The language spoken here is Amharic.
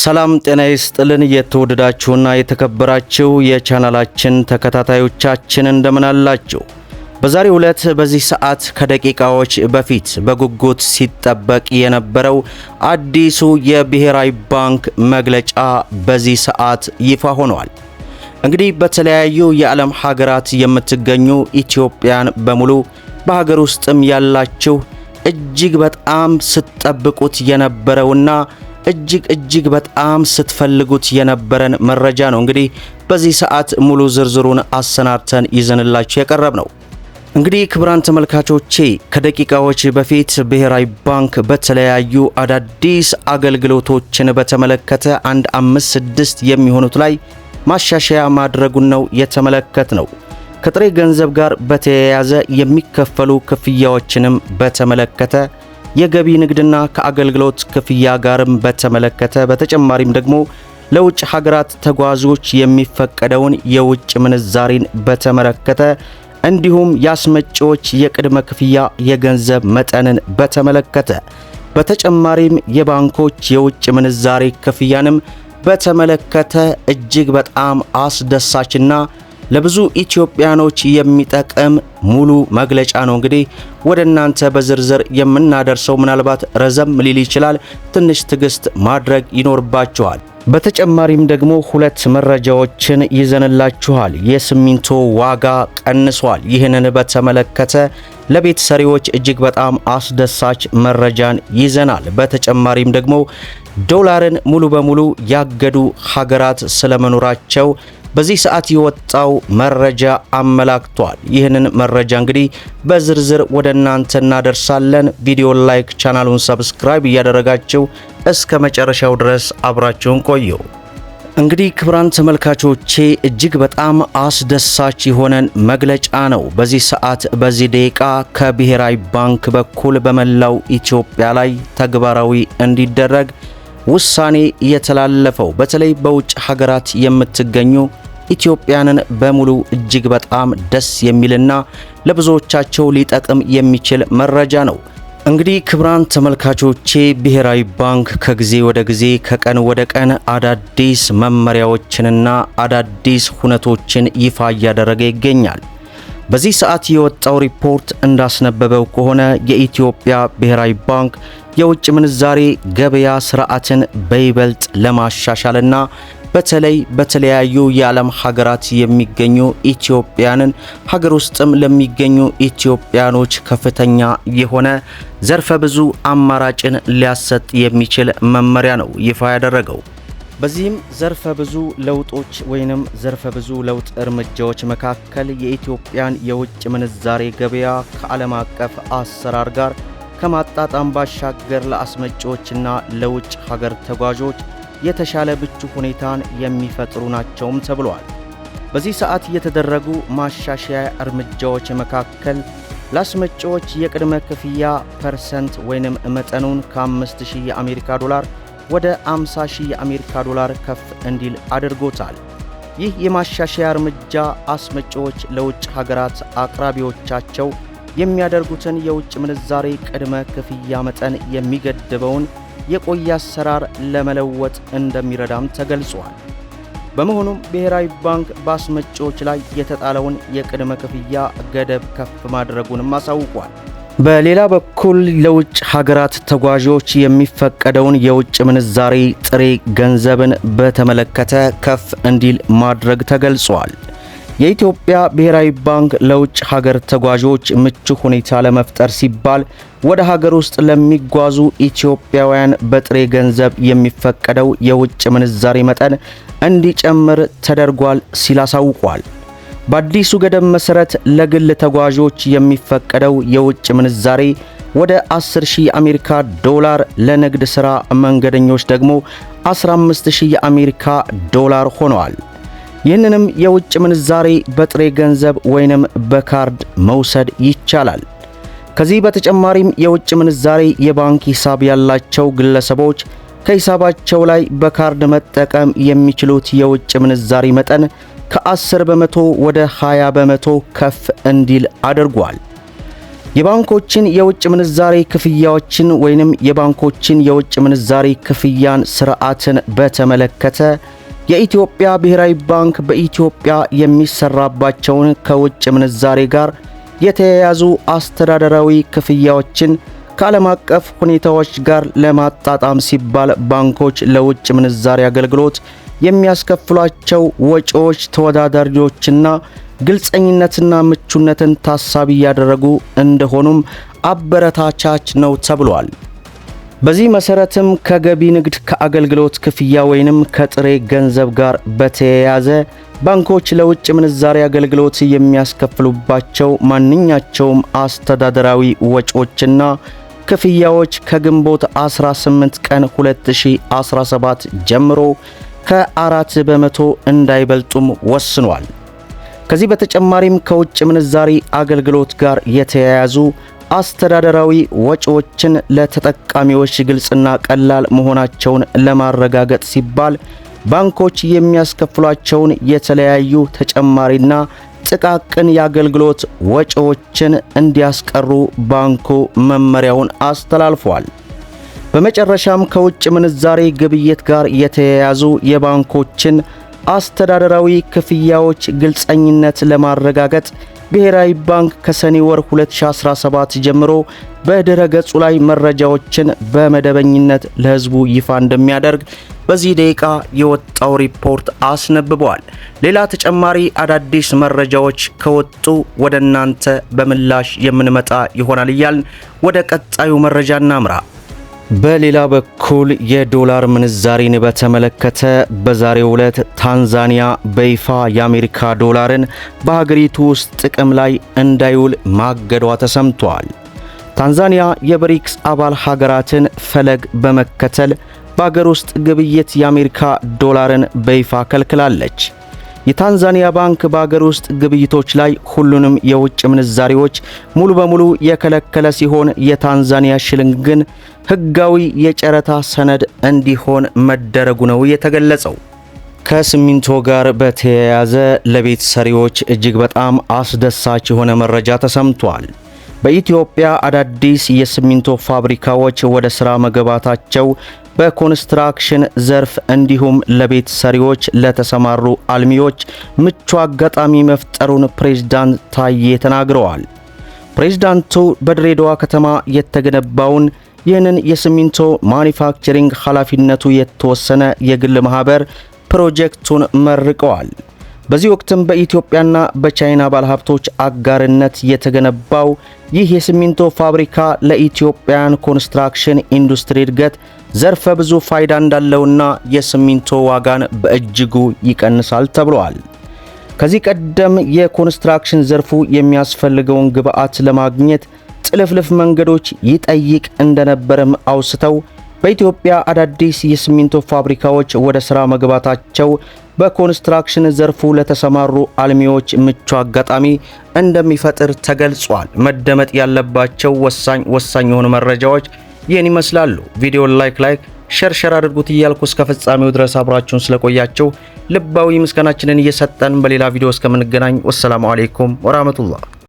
ሰላም ጤና ይስጥልን። የተወደዳችሁና የተከበራችሁ የቻናላችን ተከታታዮቻችን እንደምን አላችሁ? በዛሬው ዕለት በዚህ ሰዓት ከደቂቃዎች በፊት በጉጉት ሲጠበቅ የነበረው አዲሱ የብሔራዊ ባንክ መግለጫ በዚህ ሰዓት ይፋ ሆኗል። እንግዲህ በተለያዩ የዓለም ሀገራት የምትገኙ ኢትዮጵያን በሙሉ በሀገር ውስጥም ያላችሁ እጅግ በጣም ስትጠብቁት የነበረውና እጅግ እጅግ በጣም ስትፈልጉት የነበረን መረጃ ነው። እንግዲህ በዚህ ሰዓት ሙሉ ዝርዝሩን አሰናድተን ይዘንላችሁ የቀረብ ነው። እንግዲህ ክቡራን ተመልካቾቼ ከደቂቃዎች በፊት ብሔራዊ ባንክ በተለያዩ አዳዲስ አገልግሎቶችን በተመለከተ አንድ አምስት ስድስት የሚሆኑት ላይ ማሻሻያ ማድረጉን ነው የተመለከት ነው። ከጥሬ ገንዘብ ጋር በተያያዘ የሚከፈሉ ክፍያዎችንም በተመለከተ የገቢ ንግድና ከአገልግሎት ክፍያ ጋርም በተመለከተ በተጨማሪም ደግሞ ለውጭ ሀገራት ተጓዦች የሚፈቀደውን የውጭ ምንዛሬን በተመለከተ እንዲሁም የአስመጪዎች የቅድመ ክፍያ የገንዘብ መጠንን በተመለከተ በተጨማሪም የባንኮች የውጭ ምንዛሬ ክፍያንም በተመለከተ እጅግ በጣም አስደሳችና ለብዙ ኢትዮጵያኖች የሚጠቅም ሙሉ መግለጫ ነው እንግዲህ ወደ እናንተ በዝርዝር የምናደርሰው። ምናልባት ረዘም ሊል ይችላል፣ ትንሽ ትዕግስት ማድረግ ይኖርባችኋል። በተጨማሪም ደግሞ ሁለት መረጃዎችን ይዘንላችኋል። የሲሚንቶ ዋጋ ቀንሷል። ይህንን በተመለከተ ለቤት ሰሪዎች እጅግ በጣም አስደሳች መረጃን ይዘናል። በተጨማሪም ደግሞ ዶላርን ሙሉ በሙሉ ያገዱ ሀገራት ስለመኖራቸው በዚህ ሰዓት የወጣው መረጃ አመላክቷል። ይህንን መረጃ እንግዲህ በዝርዝር ወደ እናንተ እናደርሳለን። ቪዲዮ ላይክ፣ ቻናሉን ሰብስክራይብ እያደረጋችሁ እስከ መጨረሻው ድረስ አብራችሁን ቆዩ። እንግዲህ ክብራን ተመልካቾቼ እጅግ በጣም አስደሳች የሆነን መግለጫ ነው በዚህ ሰዓት በዚህ ደቂቃ ከብሔራዊ ባንክ በኩል በመላው ኢትዮጵያ ላይ ተግባራዊ እንዲደረግ ውሳኔ የተላለፈው። በተለይ በውጭ ሀገራት የምትገኙ ኢትዮጵያንን በሙሉ እጅግ በጣም ደስ የሚልና ለብዙዎቻቸው ሊጠቅም የሚችል መረጃ ነው። እንግዲህ ክብራን ተመልካቾቼ ብሔራዊ ባንክ ከጊዜ ወደ ጊዜ ከቀን ወደ ቀን አዳዲስ መመሪያዎችንና አዳዲስ ሁነቶችን ይፋ እያደረገ ይገኛል። በዚህ ሰዓት የወጣው ሪፖርት እንዳስነበበው ከሆነ የኢትዮጵያ ብሔራዊ ባንክ የውጭ ምንዛሬ ገበያ ስርዓትን በይበልጥ ለማሻሻልና በተለይ በተለያዩ የዓለም ሀገራት የሚገኙ ኢትዮጵያንን ሀገር ውስጥም ለሚገኙ ኢትዮጵያኖች ከፍተኛ የሆነ ዘርፈ ብዙ አማራጭን ሊያሰጥ የሚችል መመሪያ ነው ይፋ ያደረገው። በዚህም ዘርፈ ብዙ ለውጦች ወይንም ዘርፈ ብዙ ለውጥ እርምጃዎች መካከል የኢትዮጵያን የውጭ ምንዛሬ ገበያ ከዓለም አቀፍ አሰራር ጋር ከማጣጣም ባሻገር ለአስመጪዎችና ለውጭ ሀገር ተጓዦች የተሻለ ምቹ ሁኔታን የሚፈጥሩ ናቸውም ተብሏል። በዚህ ሰዓት የተደረጉ ማሻሻያ እርምጃዎች መካከል ለአስመጪዎች የቅድመ ክፍያ ፐርሰንት ወይንም መጠኑን ከ5000 የአሜሪካ ዶላር ወደ 50000 የአሜሪካ ዶላር ከፍ እንዲል አድርጎታል። ይህ የማሻሻያ እርምጃ አስመጪዎች ለውጭ ሀገራት አቅራቢዎቻቸው የሚያደርጉትን የውጭ ምንዛሬ ቅድመ ክፍያ መጠን የሚገድበውን የቆየ አሰራር ለመለወጥ እንደሚረዳም ተገልጿል። በመሆኑም ብሔራዊ ባንክ በአስመጪዎች ላይ የተጣለውን የቅድመ ክፍያ ገደብ ከፍ ማድረጉንም አሳውቋል። በሌላ በኩል ለውጭ ሀገራት ተጓዦች የሚፈቀደውን የውጭ ምንዛሬ ጥሬ ገንዘብን በተመለከተ ከፍ እንዲል ማድረግ ተገልጿል። የኢትዮጵያ ብሔራዊ ባንክ ለውጭ ሀገር ተጓዦች ምቹ ሁኔታ ለመፍጠር ሲባል ወደ ሀገር ውስጥ ለሚጓዙ ኢትዮጵያውያን በጥሬ ገንዘብ የሚፈቀደው የውጭ ምንዛሬ መጠን እንዲጨምር ተደርጓል ሲል አሳውቋል። በአዲሱ ገደብ መሠረት ለግል ተጓዦች የሚፈቀደው የውጭ ምንዛሬ ወደ 10000 የአሜሪካ ዶላር፣ ለንግድ ሥራ መንገደኞች ደግሞ 15000 የአሜሪካ ዶላር ሆነዋል። ይህንንም የውጭ ምንዛሬ በጥሬ ገንዘብ ወይንም በካርድ መውሰድ ይቻላል። ከዚህ በተጨማሪም የውጭ ምንዛሬ የባንክ ሂሳብ ያላቸው ግለሰቦች ከሂሳባቸው ላይ በካርድ መጠቀም የሚችሉት የውጭ ምንዛሪ መጠን ከ10 በመቶ ወደ 20 በመቶ ከፍ እንዲል አድርጓል። የባንኮችን የውጭ ምንዛሬ ክፍያዎችን ወይንም የባንኮችን የውጭ ምንዛሬ ክፍያን ስርዓትን በተመለከተ የኢትዮጵያ ብሔራዊ ባንክ በኢትዮጵያ የሚሰራባቸውን ከውጭ ምንዛሬ ጋር የተያያዙ አስተዳደራዊ ክፍያዎችን ከዓለም አቀፍ ሁኔታዎች ጋር ለማጣጣም ሲባል ባንኮች ለውጭ ምንዛሬ አገልግሎት የሚያስከፍሏቸው ወጪዎች ተወዳዳሪዎችና ግልጸኝነትና ምቹነትን ታሳቢ እያደረጉ እንደሆኑም አበረታቻች ነው ተብሏል። በዚህ መሰረትም ከገቢ ንግድ ከአገልግሎት ክፍያ ወይንም ከጥሬ ገንዘብ ጋር በተያያዘ ባንኮች ለውጭ ምንዛሪ አገልግሎት የሚያስከፍሉባቸው ማንኛቸውም አስተዳደራዊ ወጪዎችና ክፍያዎች ከግንቦት 18 ቀን 2017 ጀምሮ ከአራት በመቶ እንዳይበልጡም ወስኗል። ከዚህ በተጨማሪም ከውጭ ምንዛሪ አገልግሎት ጋር የተያያዙ አስተዳደራዊ ወጪዎችን ለተጠቃሚዎች ግልጽና ቀላል መሆናቸውን ለማረጋገጥ ሲባል ባንኮች የሚያስከፍሏቸውን የተለያዩ ተጨማሪና ጥቃቅን የአገልግሎት ወጪዎችን እንዲያስቀሩ ባንኩ መመሪያውን አስተላልፏል። በመጨረሻም ከውጭ ምንዛሬ ግብይት ጋር የተያያዙ የባንኮችን አስተዳደራዊ ክፍያዎች ግልጸኝነት ለማረጋገጥ ብሔራዊ ባንክ ከሰኔ ወር 2017 ጀምሮ በድረ ገጹ ላይ መረጃዎችን በመደበኝነት ለሕዝቡ ይፋ እንደሚያደርግ በዚህ ደቂቃ የወጣው ሪፖርት አስነብቧል። ሌላ ተጨማሪ አዳዲስ መረጃዎች ከወጡ ወደ እናንተ በምላሽ የምንመጣ ይሆናል እያልን ወደ ቀጣዩ መረጃ እናምራ። በሌላ በኩል የዶላር ምንዛሪን በተመለከተ በዛሬው ዕለት ታንዛኒያ በይፋ የአሜሪካ ዶላርን በሀገሪቱ ውስጥ ጥቅም ላይ እንዳይውል ማገዷ ተሰምቷል። ታንዛኒያ የብሪክስ አባል ሀገራትን ፈለግ በመከተል በአገር ውስጥ ግብይት የአሜሪካ ዶላርን በይፋ ከልክላለች። የታንዛኒያ ባንክ በአገር ውስጥ ግብይቶች ላይ ሁሉንም የውጭ ምንዛሪዎች ሙሉ በሙሉ የከለከለ ሲሆን የታንዛኒያ ሽልንግ ግን ሕጋዊ የጨረታ ሰነድ እንዲሆን መደረጉ ነው የተገለጸው። ከሲሚንቶ ጋር በተያያዘ ለቤት ሰሪዎች እጅግ በጣም አስደሳች የሆነ መረጃ ተሰምቷል። በኢትዮጵያ አዳዲስ የሲሚንቶ ፋብሪካዎች ወደ ሥራ መገባታቸው በኮንስትራክሽን ዘርፍ እንዲሁም ለቤት ሰሪዎች ለተሰማሩ አልሚዎች ምቹ አጋጣሚ መፍጠሩን ፕሬዝዳንት ታዬ ተናግረዋል። ፕሬዝዳንቱ በድሬዳዋ ከተማ የተገነባውን ይህንን የሲሚንቶ ማኒፋክቸሪንግ ኃላፊነቱ የተወሰነ የግል ማህበር ፕሮጀክቱን መርቀዋል። በዚህ ወቅትም በኢትዮጵያና በቻይና ባለሀብቶች አጋርነት የተገነባው ይህ የሲሚንቶ ፋብሪካ ለኢትዮጵያን ኮንስትራክሽን ኢንዱስትሪ እድገት ዘርፈ ብዙ ፋይዳ እንዳለውና የሲሚንቶ ዋጋን በእጅጉ ይቀንሳል ተብሏል። ከዚህ ቀደም የኮንስትራክሽን ዘርፉ የሚያስፈልገውን ግብዓት ለማግኘት ጥልፍልፍ መንገዶች ይጠይቅ እንደነበረም አውስተው በኢትዮጵያ አዳዲስ የሲሚንቶ ፋብሪካዎች ወደ ሥራ መግባታቸው በኮንስትራክሽን ዘርፉ ለተሰማሩ አልሚዎች ምቹ አጋጣሚ እንደሚፈጥር ተገልጿል። መደመጥ ያለባቸው ወሳኝ ወሳኝ የሆኑ መረጃዎች ይህን ይመስላሉ። ቪዲዮን ላይክ ላይክ ሸርሸር አድርጉት እያልኩ እስከ ፍጻሜው ድረስ አብራችሁን ስለቆያችሁ ልባዊ ምስጋናችንን እየሰጠን በሌላ ቪዲዮ እስከምንገናኝ ወሰላሙ አሌይኩም ወራህመቱላህ